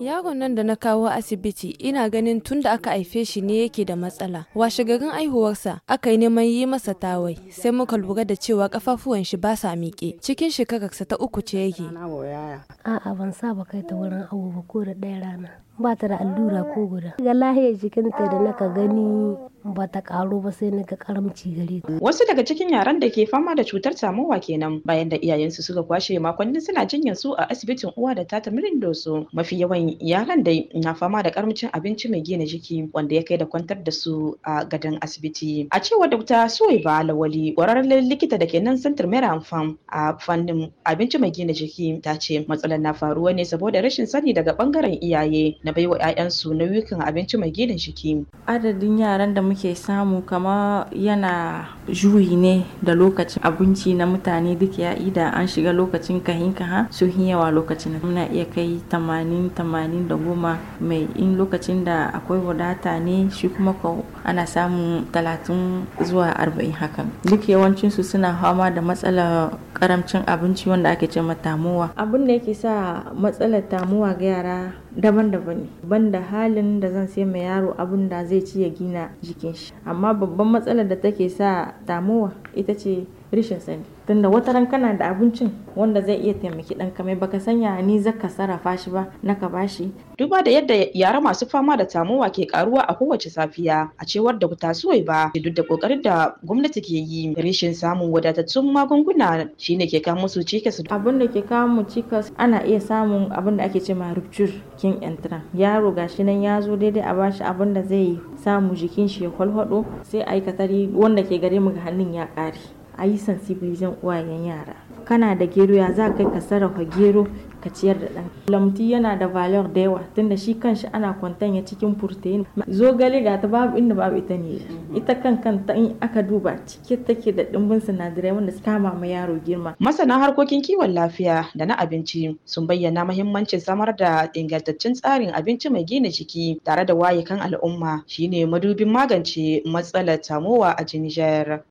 Yaron nan da na kawo asibiti ina ganin tun da aka haife shi ne yake da matsala. Washegarin aihuwarsa aka yi neman yi masa tawai sai muka lura da cewa kafafuwan shi ba sa miƙe. Cikin shekararsa ta uku ce yake. A'a ban saba kai ta wurin awo ba ko da ɗaya rana. Ba ta da allura ko guda. Ga lahiyar jikinta da naka gani ba ta karo ba sai na ga karamci gare ta. Wasu daga cikin yaran da ke fama da cutar samuwa kenan bayan da iyayensu suka kwashe makonni suna jinyar su a asibitin uwa da tata Mirindoso. Mafi yawan yaran da na fama da karamcin abinci mai gina jiki wanda ya kai da kwantar da su a gadon asibiti. A cewar Dr. Suwaiba Lawali, kwararren likita da ke nan Santar Mera Amfam a fannin abinci mai gina jiki ta ce matsalar na faruwa ne saboda rashin sani daga bangaren iyaye na baiwa 'ya'yansu nauyukan abinci mai gina jiki. Adadin yaran da muke samu kama yana juyi ne da lokacin abinci na mutane duk ya ida an shiga lokacin kahin kaha su yawa lokacin muna iya kai tamanin tamanin da goma mai in lokacin da akwai wadata ne shi kuma ko ana samun talatin zuwa arba'in hakan duk yawancinsu suna fama da matsalar karamcin abinci wanda ake ce tamuwa abin da yake sa matsalar tamuwa ga yara daban-daban ne banda halin da zan sai mai yaro abin da zai ci ya gina jikin shi amma babban matsalar da take sa damuwa ita ce rishin sani tunda wata ran kana da abincin wanda zai iya taimaki ɗan kamai baka sanya ni zaka sarrafa shi ba na ka bashi duba da yadda yara masu fama da tamowa ke karuwa a kowace safiya a cewar da ta ba duk da kokarin da gwamnati ke yi rishin samun wadatattun magunguna shine ke kawo musu cikas abin da ke kawo mu cikas ana iya samun abin da ake ce ma rupture jikin entran yaro gashi nan ya zo daidai a bashi abin da zai samu jikin shi ya kwalhwado sai a yi katari wanda ke gare mu ga hannun ya ƙare a yi sensibilizan uwayen yara kana da gero ya za kai ka sarrafa gero ka ciyar da ɗan lamti yana da valor da yawa tunda shi kanshi ana kwantanya cikin protein zogale ga ta babu inda babu ita ne ita kan kanta in aka duba cike take da ɗimbin sinadarai wanda suka ma yaro girma masana harkokin kiwon lafiya da na abinci sun bayyana muhimmancin samar da ingantaccen tsarin abinci mai gina jiki tare da waye al'umma shine madubin magance matsalar tamowa a Niger.